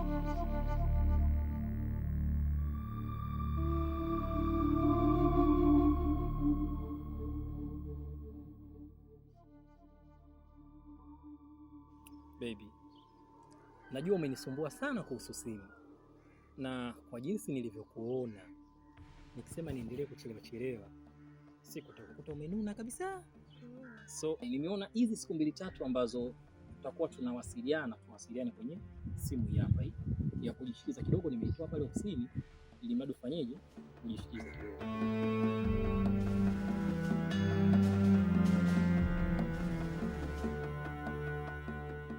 Baby, najua umenisumbua sana kuhusu simu na kwa jinsi nilivyokuona, nikisema niendelee kuchelewa chelewa, siku umenuna kabisa. So nimeona hizi siku mbili tatu ambazo tutakuwa tunawasiliana tunawasiliana kwenye simu hii hapa hii ya kujishikiza kidogo, nimeitoa pale ofisini ili mradi ufanyeje kujishikiza kidogo.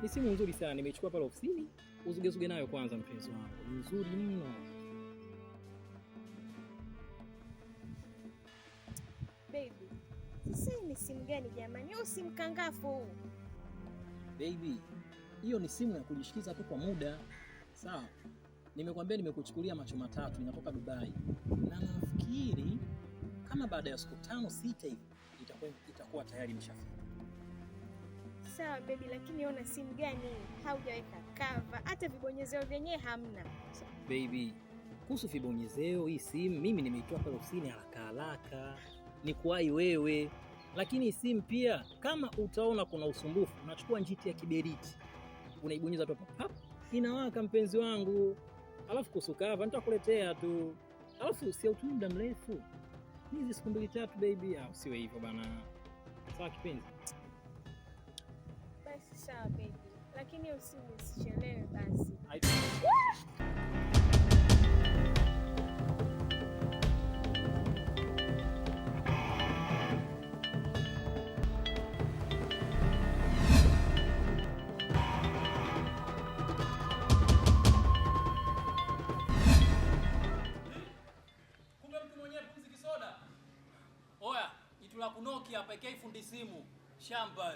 Ni simu nzuri sana, nimeichukua pale ofisini, uzugezuge nayo kwanza, mpenzi wangu, ni nzuri mno. Baby, ni simu gani jamani? Au simu kangafu huu? Baby, hiyo ni simu ya kujishikiza tu kwa muda, sawa? Nimekwambia nimekuchukulia macho matatu, ninatoka Dubai na nafikiri kama baada ya siku tano sita hivi itakuwa itakuwa tayari imeshafika. Sawa baby, lakini ona simu gani haujaweka kava hata vibonyezeo vyenyewe hamna. Baby, kuhusu vibonyezeo, hii simu mimi nimeitoa pale ofisini haraka haraka, nikuwahi wewe lakini simu pia, kama utaona kuna usumbufu, unachukua njiti ya kiberiti unaibonyeza tu hapa, inawaka mpenzi wangu. Alafu kusukava nitakuletea tu, alafu siautu muda mrefu, hizi siku mbili tatu baby, au siwe hivyo bana. Sawa kipenzi? Basi sawa baby, lakini usichelewe basi. makunoki hapa, ikai fundi simu shamba